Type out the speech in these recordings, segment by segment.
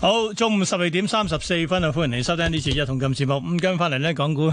好，中午十二點三十四分啊，歡迎嚟收聽呢次一同金節目。五跟翻嚟呢，港股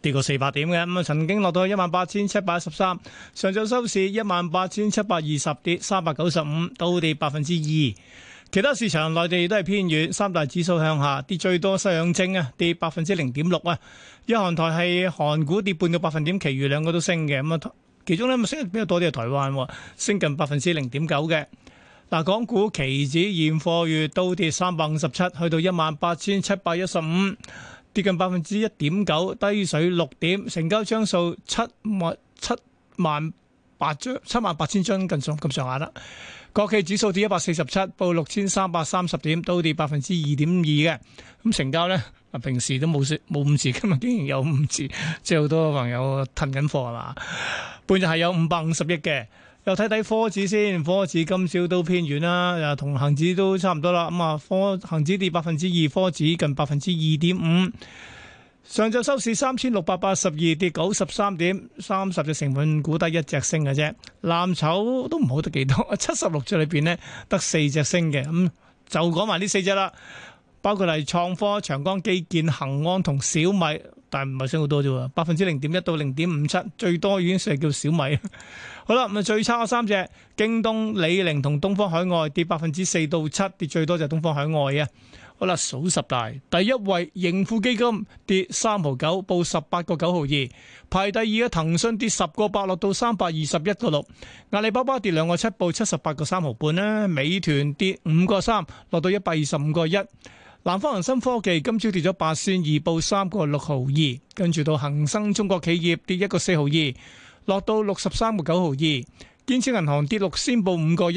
跌過四百點嘅，咁啊，曾經落到一萬八千七百一十三，上晝收市一萬八千七百二十，跌三百九十五，倒跌百分之二。其他市場內地都係偏軟，三大指數向下，跌最多上證啊跌百分之零點六啊。日韓台係韓股跌半個百分點，其餘兩個都升嘅。咁啊，其中呢，升得比較多啲係台灣，升近百分之零點九嘅。嗱，港股期指現貨月都跌三百五十七，去到一萬八千七百一十五，跌近百分之一點九，低水六點，成交張數七萬七萬八張，七萬八千張咁上咁上下啦。國企指數跌一百四十七，報六千三百三十點，都跌百分之二點二嘅。咁成交呢，平時都冇冇五字，今日竟然有五字，即係好多朋友囤緊貨係嘛？半日係有五百五十億嘅。又睇睇科指先，科指今朝都偏軟啦，同恒指都差唔多啦。咁啊，科恒指跌百分之二，科指近百分之二點五。上晝收市三千六百八十二，跌九十三點，三十隻成分股得一隻升嘅啫。藍籌都唔好得幾多，七十六隻裏邊呢得四隻升嘅。咁就講埋呢四隻啦，包括嚟創科、長江基建、恒安同小米。但唔係升好多啫，百分之零點一到零點五七，最多已經成叫小米了。好啦，咁啊最差嗰三隻，京東、李寧同東方海外跌百分之四到七，跌最多就係東方海外啊。好啦，數十大，第一位盈富基金跌三毫九，報十八個九毫二；排第二嘅騰訊跌十個八，落到三百二十一個六；阿里巴巴跌兩個七，報七十八個三毫半啦；美團跌五個三，落到一百二十五個一。南方恒生科技今朝跌咗八仙二，報三個六毫二，跟住到恒生中國企業跌一個四毫二，落到六十三個九毫二。建設銀行跌六仙，報五個一。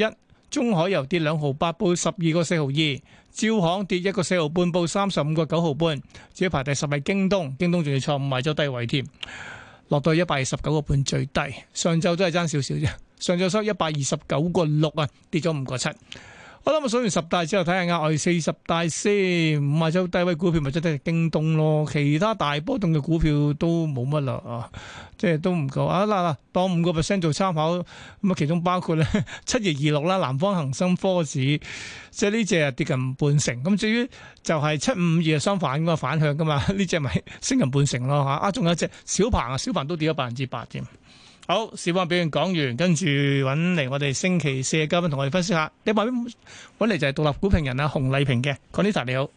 中海油跌兩毫八，報十二個四毫二。招行跌一個四毫半，報三十五個九毫半。至於排第十係京東，京東仲要創埋咗低位添，落到一百二十九個半最低。上晝都係爭少少啫，上晝收一百二十九個六啊，跌咗五個七。我諗我數完十大之後睇下額外四十大先，五係張低位股票咪即係京東咯，其他大波動嘅股票都冇乜啦啊，即係都唔夠啊嗱嗱，當五個 percent 做參考，咁啊其中包括咧七二二六啦，南方恒生科指，即係呢隻跌近半成，咁至於就係七五二相反噶反向噶嘛，呢隻咪升近半成咯吓，啊仲有一隻小鵬啊，小鵬都跌咗百分之八添。好，市況表現講完，跟住揾嚟我哋星期四嘅嘉賓同我哋分析下。你話揾嚟就係獨立股評人啊，熊麗萍嘅，Conita 你好、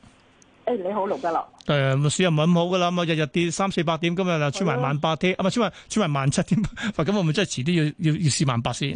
欸。你好，盧家樂。誒市又唔係咁好噶啦，咁啊日日跌三四百點，今日啊穿埋萬八添。啊穿埋穿埋萬七點，咁、啊、我咪真係遲啲要要，要試萬八先、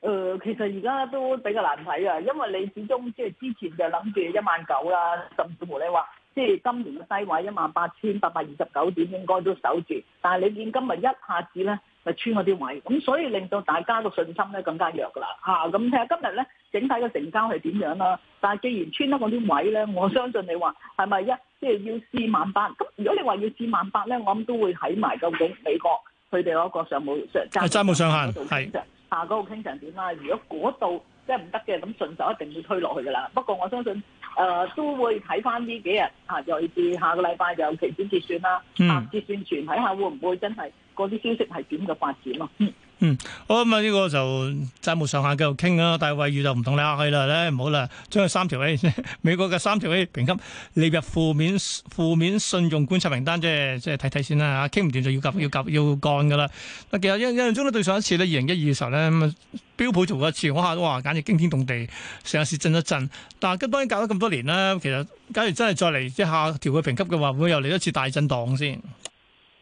呃。其實而家都比較難睇啊，因為你始終即係之前就諗住一萬九啦，甚至乎你話即係今年嘅低位一萬八千八百二十九點應該都守住，但係你見今日一下子咧～咪穿嗰啲位，咁所以令到大家嘅信心咧更加弱噶啦吓，咁睇下今日咧整體嘅成交係點樣啦。但係既然穿得嗰啲位咧，我相信你話係咪一即係要試萬八？咁如果你話要試萬八咧，我諗都會睇埋究竟美國佢哋嗰個上冇上債債務上限係、那個、啊嗰、那個傾城點啦。如果嗰度即係唔得嘅，咁順手一定會推落去噶啦。不過我相信誒、呃、都會睇翻呢幾日啊，尤其下個禮拜又有期短結算啦，結算完睇下看看會唔會真係。嗰啲消息係點嘅發展咯？嗯嗯，好咁啊！呢、嗯這個就債務上限繼續傾啦。但係惠譽就唔同你下去啦。咧唔好啦，將佢三條 A 先。美國嘅三條 A 評級列入負面負面，信用觀察名單啫。即係睇睇先啦嚇。傾唔掂就要夾要夾要，要，要干噶啦。其實印印象中咧對上一次咧二零一二嘅時候咧，標普做一次，我下都話哇簡直驚天動地，成日市震一震。但係跟當然隔咗咁多年啦。其實假如真係再嚟即係下調嘅評級嘅話，會唔會又嚟一次大震盪先？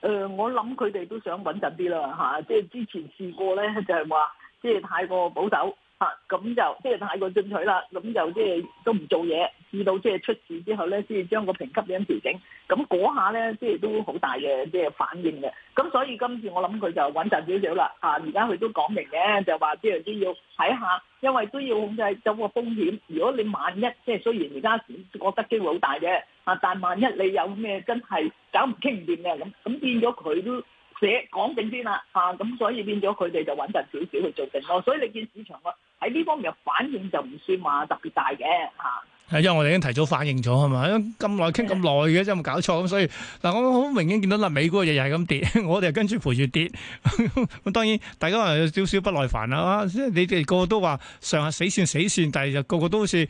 誒、呃，我諗佢哋都想穩陣啲啦，即、啊、係、就是、之前試過咧，就係話即係太過保守咁、啊、就即係、就是、太過進取啦，咁就即係、就是、都唔做嘢，至到即係、就是、出事之後咧，先至將個評級咁調整，咁嗰下咧即係都好大嘅即係反應嘅。咁所以今次我諗佢就穩陣少少啦，而家佢都講明嘅，就話即係都要睇下，因為都要控制咗個風險。如果你萬一即係、就是、雖然而家覺得機會好大嘅。啊！但萬一你有咩真係搞唔傾唔掂嘅，咁咁變咗佢都寫講定先啦，嚇！咁、啊啊、所以變咗佢哋就穩陣少少去做定咯。所以你見市場個喺呢方面反應就唔算話特別大嘅嚇。啊因為我哋已經提早反應咗係咪？因為咁耐傾咁耐嘅，真係冇搞錯咁？所以嗱，我好明顯見到啦，美股嗰個日日係咁跌，我哋又跟住陪住跌。咁當然大家有少少不耐煩啦。即係你哋個個都話上下死線死線，但係就個個都好似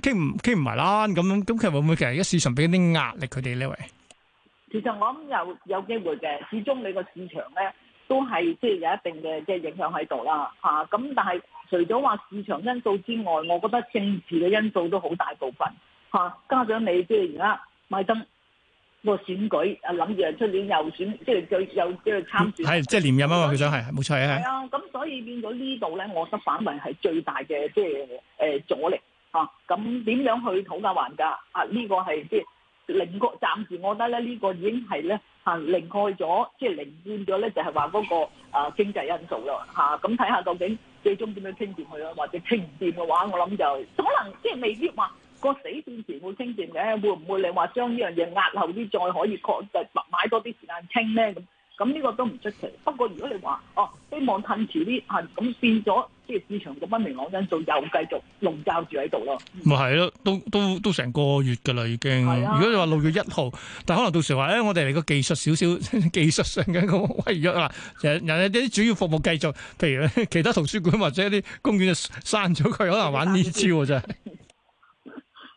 傾唔傾唔埋啦咁樣。咁其實會唔會其實而家市場俾啲壓力佢哋呢位？其實我諗有有機會嘅，始終你個市場咧都係即係有一定嘅即係影響喺度啦。嚇咁，但係。除咗話市場因素之外，我覺得政治嘅因素都好大部分嚇。加上你即係而家拜登個選舉，啊諗住啊出年又選，即係再又即係參選，係即係連任啊嘛，佢想係冇錯啊。係啊，咁所以變咗呢度咧，我覺得反為係最大嘅，即係誒阻力嚇。咁點樣去討價還價啊？呢個係即係另個，暫時我覺得咧，呢個已經係咧係另蓋咗，即係另變咗咧，就係話嗰個啊經濟因素咯嚇。咁睇下究竟。最終點樣清掂佢呀？或者清唔掂嘅話，我諗就可能即係未必話個死線前會清掂嘅，會唔會你話將呢樣嘢壓後啲，再可以確實買多啲時間清咧咁？咁呢個都唔出奇，不過如果你話哦、啊、希望褪遲啲係，咁變咗即係市場嘅不明朗因素又繼續籠罩住喺度咯。咪係咯，都都都成個月㗎喇已經。啊、如果你話六月一號，但可能到時話咧、哎，我哋嚟個技術少少，技術上嘅一個威脅啦。人人哋啲主要服務繼續，譬如其他圖書館或者一啲公園就刪咗佢，可能玩呢招喎，真係。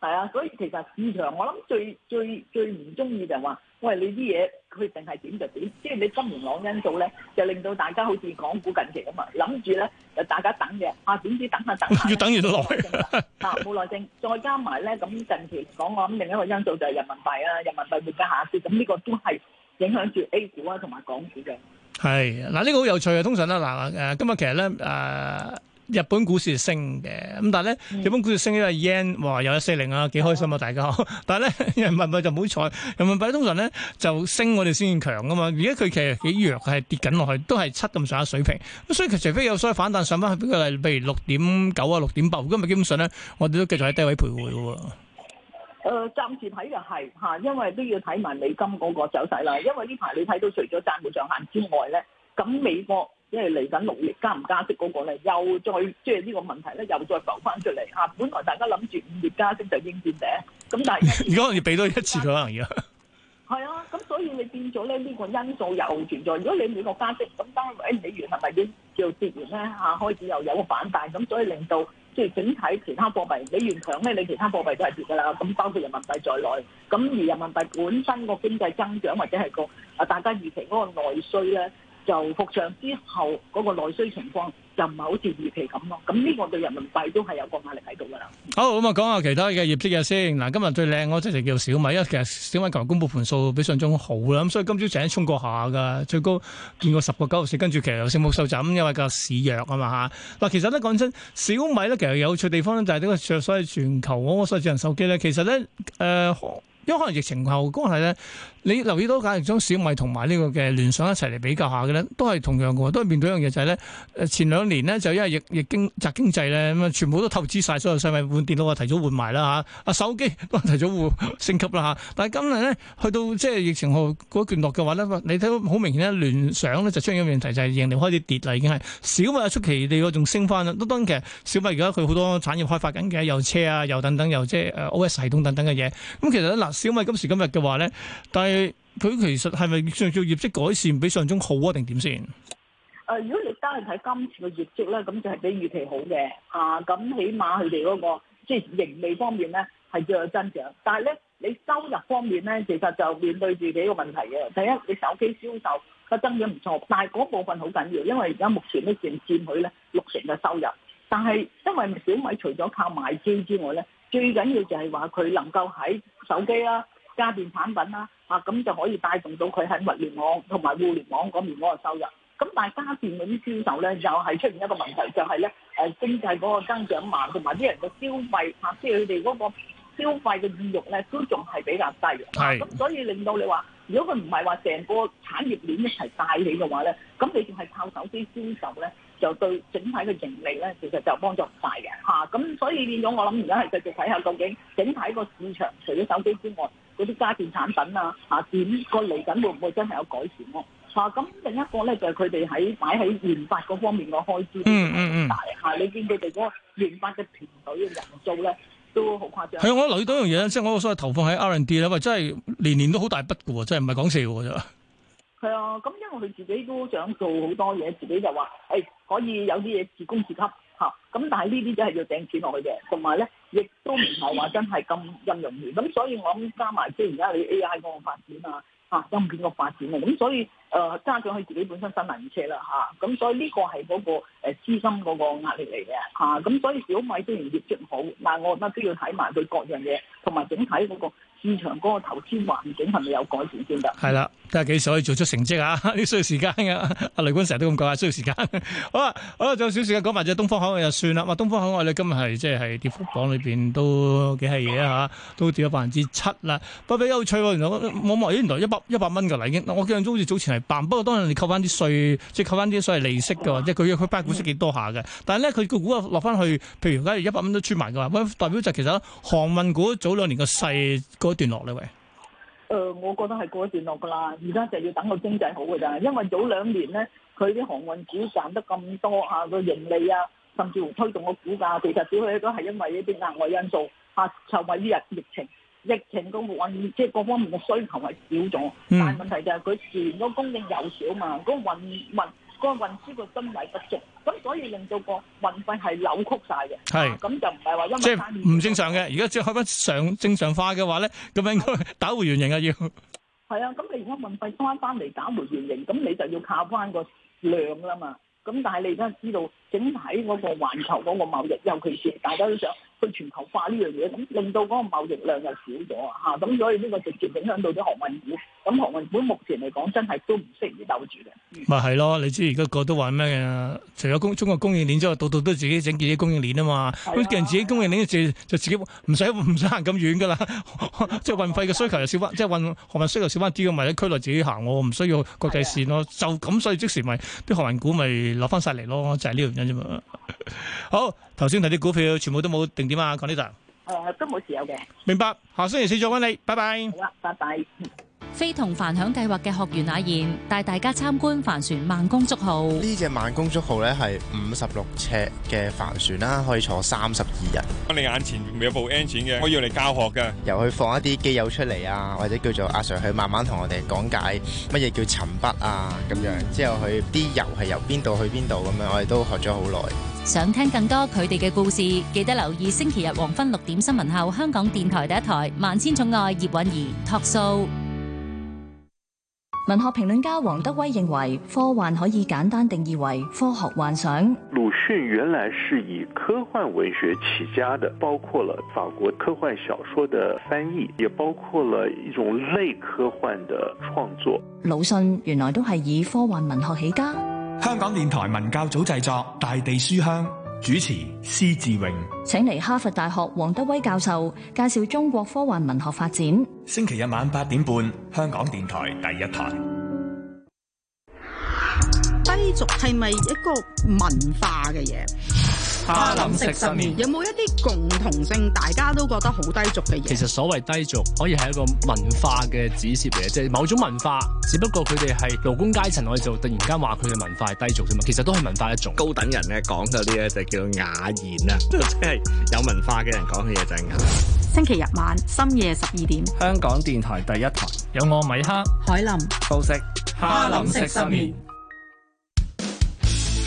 係啊，所以其實市場我諗最最最唔鍾意就係話，喂你啲嘢佢定係點就點，即係你今年朗因素咧，就令到大家好似港股近期咁啊，諗住咧就大家等嘅，啊點知等下等？要等完就落去啊！冇耐性，再加埋咧咁近期講我諗另一個因素就係人民幣啦，人民幣會加下跌，咁呢個都係影響住 A 股啊同埋港股嘅。係嗱，呢個好有趣啊！通常咧嗱誒，今日其實咧誒。日本股市升嘅，咁但係咧、嗯，日本股市升的是，因為 yen 哇，有一四零啊，幾開心啊，大家好。但係咧，人民幣就唔好彩，人民幣通常咧就升，我哋先強㗎嘛。而家佢其實幾弱，係跌緊落去，都係七咁上下水平。咁所以佢除非有所謂反彈上翻去，比如例如六點九啊，六點八。今日基本上咧，我哋都繼續喺低位徘徊嘅喎。誒、呃，暫時睇就係嚇，因為都要睇埋美金嗰個走勢啦。因為呢排你睇到，除咗債務上限之外咧，咁美國。即係嚟緊六月加唔加息嗰個咧，又再即係呢個問題咧，又再浮翻出嚟啊。本來大家諗住五月加息就應見頂，咁但係如果要俾多一次佢啊，而家係啊，咁所以你變咗咧呢個因素又存在。如果你美國加息，咁當你美元係咪要要跌完呢？啊，開始又有個反彈，咁所以令到即係整體其他貨幣美元強咧，你其他貨幣都係跌噶啦。咁包括人民幣在內，咁而人民幣本身個經濟增長或者係個啊大家預期嗰個內需咧。就復常之後嗰，那個內需情況就唔係好似預期咁咯，咁呢個對人民幣都係有個壓力喺度㗎啦。好，咁啊講下其他嘅業績嘅先。嗱，今日最靚嗰隻就叫小米，因為其實小米今日公布盤數比上仲好啦，咁所以今朝成日衝過一下㗎，最高見過十個九毫四，跟住其實有升幅收窄，因為個市弱啊嘛嚇。嗱，其實咧講真，小米咧其實有趣地方咧就係呢個著，所謂全球嗰個智能手機咧，其實咧誒、呃，因為可能疫情後嗰個係咧。你留意到，假如將小米同埋呢個嘅聯想一齊嚟比較下嘅咧，都係同樣嘅，都係面對一樣嘢就係咧。誒，前兩年咧就因為疫情疫經宅經濟咧，咁啊全部都投資晒，所有細米換電腦啊，提早換埋啦嚇。啊手機都提早換升級啦嚇。但係今日咧去到即係疫情後嗰段落嘅話咧，你睇到好明顯咧，聯想咧就出現咗問題，就係盈利開始跌啦，已經係小米出奇地個仲升翻啦。當然其實小米而家佢好多產業開發緊嘅，有車啊，又等等，又即係 O S 系統等等嘅嘢。咁其實咧嗱，小米今時今日嘅話咧，但係佢其實係咪算叫業績改善比上週好啊？定點先？誒，如果你單係睇今次嘅業績咧，咁就係比預期好嘅。啊，咁起碼佢哋嗰個即係盈利方面咧係有增長。但係咧，你收入方面咧，其實就面對住幾個問題嘅。第一，你手機銷售個增長唔錯，但係嗰部分好緊要，因為而家目前都佔佔佢咧六成嘅收入。但係因為小米除咗靠賣機之外咧，最緊要就係話佢能夠喺手機啦。家電產品啦，啊，咁就可以帶動到佢喺物聯網同埋互聯網嗰面嗰個收入。咁但係家電嗰啲銷售咧，又係出現一個問題，就係咧誒經濟嗰個增長慢，同埋啲人嘅消費，或者佢哋嗰個消費嘅意欲咧，都仲係比較低。係。咁所以令到你話，如果佢唔係話成個產業鏈一齊帶起嘅話咧，咁你仲係靠手機銷售咧，就對整體嘅盈利咧，其實就幫助唔大嘅。嚇，咁所以變咗我諗而家係繼續睇下究竟整體個市場，除咗手機之外。嗰啲家電產品啊，嚇點個嚟緊會唔會真係有改善咯、啊？嚇、啊、咁另一個咧就係佢哋喺擺喺研發嗰方面個開支都好、嗯、大嚇、啊嗯，你見佢哋嗰研發嘅團隊人數咧都好誇張。係啊，我留意到一樣嘢即係我所謂投放喺 R&D 咧，真係年年都好大筆嘅喎，真係唔係講笑嘅啫。係啊，咁因為佢自己都想做好多嘢，自己就話誒、欸、可以有啲嘢自供自給嚇，咁、啊、但係呢啲都係要掟錢落去嘅，同埋咧。亦都唔係話真係咁任人易，咁所以我諗加埋即係而家你 A I 嗰個發展啊，啊芯片個發展啊，咁所以誒家長佢自己本身身臨其啦嚇，咁、啊、所以呢個係嗰個誒資金嗰個壓力嚟嘅嚇，咁、啊、所以小米雖然業績好，但係我乜都要睇埋佢各樣嘢同埋整體嗰、那個。市場嗰個投資環境係咪有改善先得係啦，睇下幾時可以做出成績啊！呢需要時間㗎、啊。阿雷官成日都咁講啊，需要時間、啊。好啊，好啦、啊，仲有少少時間講埋隻東方海外就算啦。哇，東方海外你今日係即係跌幅榜裏邊都幾係嘢嚇，都跌咗百分之七啦，不不比較有趣喎、啊！原來我、欸、原來一百一百蚊㗎啦已經。我印象中好似早前係辦，不過當日你扣翻啲稅，即係扣翻啲所謂利息㗎，即係佢佢股息幾多下嘅。但係咧，佢個股落翻去，譬如而家一百蚊都出埋嘅話。代表就其實航運股早兩年嘅勢一段落咧，喂。誒，我覺得係過一段落噶啦，而家就要等個經濟好噶咋。因為早兩年咧，佢啲航運股賺得咁多吓個盈利啊，甚至乎推動個股價。其實主要都係因為呢啲額外因素吓，受惠於疫疫情，疫情個運即係各方面嘅需求係少咗。但係問題就係佢船個供應又少嘛，個運運。個運輸個噸位不足，咁所以令到個運費係扭曲晒嘅，咁就唔係話因為即係唔正常嘅。而家只係開翻常正常化嘅話咧，應該打回原形啊要係啊。咁你如果運費翻翻嚟打回原形，咁你就要靠翻個量啦嘛。咁但係你而家知道整體嗰個環球嗰個貿易，尤其是大家都想。去全球化呢樣嘢，咁令到嗰個貿易量又少咗，咁所以呢個直接影響到啲航運股。咁航運股目前嚟講，真係都唔適宜兜住嘅。咪係咯，你知而家個都話咩？除咗中國供應鏈之外，度度都自己整自己供應鏈啊嘛。咁、啊、既然自己供應鏈，就就自己唔使唔使行咁遠㗎啦。即係、啊、 運費嘅需求又少翻，即係、啊就是、運航運需求少翻啲嘅，咪喺區內自己行，我唔需要國際線咯、啊。就咁所以即時咪啲航運股咪落翻晒嚟咯，就係呢樣嘢啫嘛。 好，頭先睇啲股票全部都冇定。.點啊，講呢度？誒，都冇持有嘅。明白，下星期四再揾你，拜拜。好啦，拜拜。非同凡響計劃嘅學員阿燕帶大家參觀帆船慢工竹號，呢隻慢工竹號呢係五十六尺嘅帆船啦，可以坐三十二人。我你眼前未有部 engine 嘅，我要嚟教學噶，由佢放一啲機油出嚟啊，或者叫做阿 sir 去慢慢同我哋講解乜嘢叫沉筆啊，咁樣之後佢啲油係由邊度去邊度咁樣，我哋都學咗好耐。想聽更多佢哋嘅故事，記得留意星期日黃昏六點新聞後，香港電台第一台萬千寵愛葉韻儀托數。文學評論家王德威認為，科幻可以簡單定義為科學幻想。魯迅原來是以科幻文學起家的，包括了法國科幻小說的翻譯，也包括了一種類科幻的創作。魯迅原來都係以科幻文學起家。香港電台文教組製作《大地書香》。主持施志榮，請嚟哈佛大學王德威教授介紹中國科幻文學發展。星期日晚八點半，香港電台第一台。低俗係咪一個文化嘅嘢？哈林食生麵有冇一啲共同性？大家都覺得好低俗嘅嘢。其實所謂低俗，可以係一個文化嘅指涉嚟，即係某種文化，只不過佢哋係勞工階層，我哋就突然間話佢嘅文化係低俗啫嘛。其實都係文化一種。高等人咧講就啲咧就叫雅言啦，即係有文化嘅人講嘅嘢就係雅。星期日晚深夜十二點，香港電台第一台有我米克、海林、高息、哈林食生麵。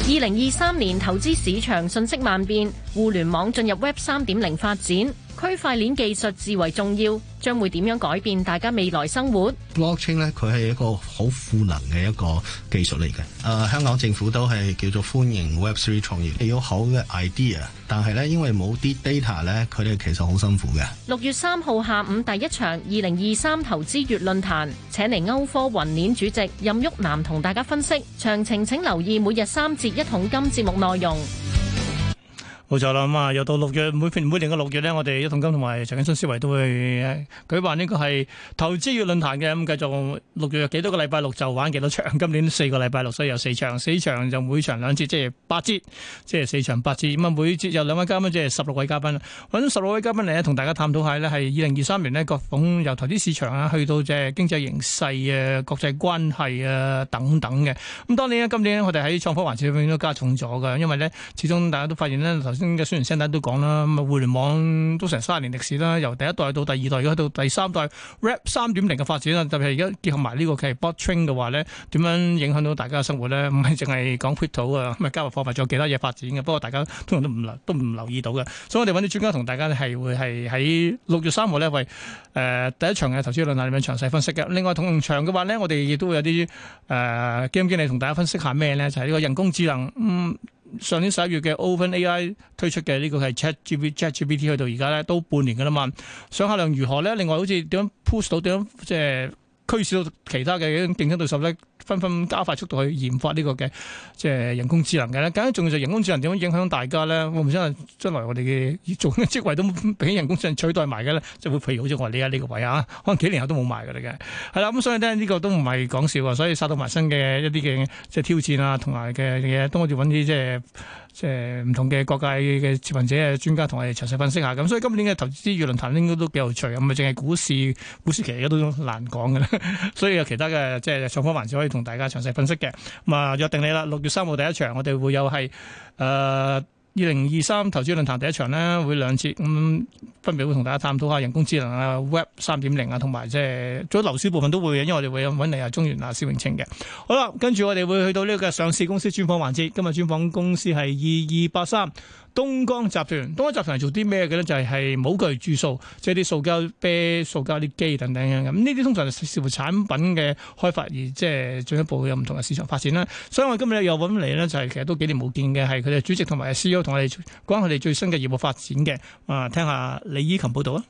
2023年，投資市場信息萬變，互聯網進入 Web 3.0發展。區塊鏈技術至為重要，將會點樣改變大家未來生活？Blockchain 咧，佢係一個好賦能嘅一個技術嚟嘅。誒、呃，香港政府都係叫做歡迎 Web3 創業，有好嘅 idea，但係咧因為冇啲 data 咧，佢哋其實好辛苦嘅。六月三號下午第一場二零二三投資月論壇，請嚟歐科雲鏈主席任旭南同大家分析詳情，請留意每日三節一桶金節目內容。冇錯啦，咁啊又到六月，每每年嘅六月咧，我哋一桶金同埋陳景新思維都會舉辦呢個係投資月論壇嘅。咁，繼續六月幾多個禮拜六就玩幾多場，今年四個禮拜六所以有四場，四場就每場兩節，即係八節，即係四場八節。咁啊每節有兩位嘉賓，即係十六位嘉賓，揾十六位嘉賓嚟咧同大家探討下咧係二零二三年咧各種由投資市場啊，去到即係經濟形勢啊，國際關係啊等等嘅。咁當然咧，今年咧我哋喺創科環節永遠都加重咗嘅，因為咧始終大家都發現咧。先嘅宣傳聲帶都講啦，咁啊互聯網都成三十年歷史啦，由第一代到第二代，而家到第三代 RAP 三點零嘅發展啦，特別係而家結合埋呢個係 bot training 嘅話咧，點樣影響到大家嘅生活咧？唔係淨係講 crypto 啊，咁啊加密貨幣仲有其他嘢發展嘅，不過大家通常都唔留都唔留意到嘅。所以我哋揾啲專家同大家咧係會係喺六月三號咧為誒第一場嘅投資論壇裡面詳細分析嘅。另外同場嘅話咧，我哋亦都會有啲誒、呃，基金經理同大家分析下咩咧？就係、是、呢個人工智能嗯。上年十一月嘅 OpenAI 推出嘅呢個係 ChatGPT 去到而家咧都半年噶啦嘛，上客量如何咧？另外好似點樣 push 到點樣即係驅使到其他嘅競爭對手咧？紛紛加快速度去研發呢、這個嘅即係人工智能嘅咧，咁樣重要就人工智能點樣影響大家咧？我唔知啊，將來我哋嘅做嘅職位都俾人工智能取代埋嘅咧，就係會譬如好似我哋而家呢個位啊，可能幾年後都冇埋嘅嚟嘅。係啦，咁所以呢，呢個都唔係講笑啊，所以殺到埋身嘅一啲嘅即係挑戰啊，的同埋嘅嘢都我哋揾啲即係即係唔同嘅各界嘅辯者、專家同我哋詳細分析下。咁所以今年嘅投資輿論壇應該都幾有趣，唔係淨係股市，股市期而家都難講嘅啦。所以有其他嘅即係創科環節可以。同大家詳細分析嘅，咁、嗯、啊約定你啦，六月三號第一場我，我哋會有係誒。二零二三投資論壇第一場咧會兩次，咁、嗯、分別會同大家探討下人工智能啊、Web 三點零啊、就是，同埋即係做咗樓市部分都會因為我哋會揾嚟啊中原啊肖永清嘅。好啦，跟住我哋會去到呢個上市公司專訪環節，今日專訪公司係二二八三東江集團。東江集團做啲咩嘅咧？就係係模具、注塑、即係啲塑膠、啤塑膠啲機等等咁。呢啲通常係視乎產品嘅開發，而即係進一步有唔同嘅市場發展啦。所以我今日又揾嚟咧，就係、是、其實都幾年冇見嘅，係佢哋主席同埋 C 同我哋講下佢哋最新嘅業務發展嘅，啊，聽下李依琴報道啊。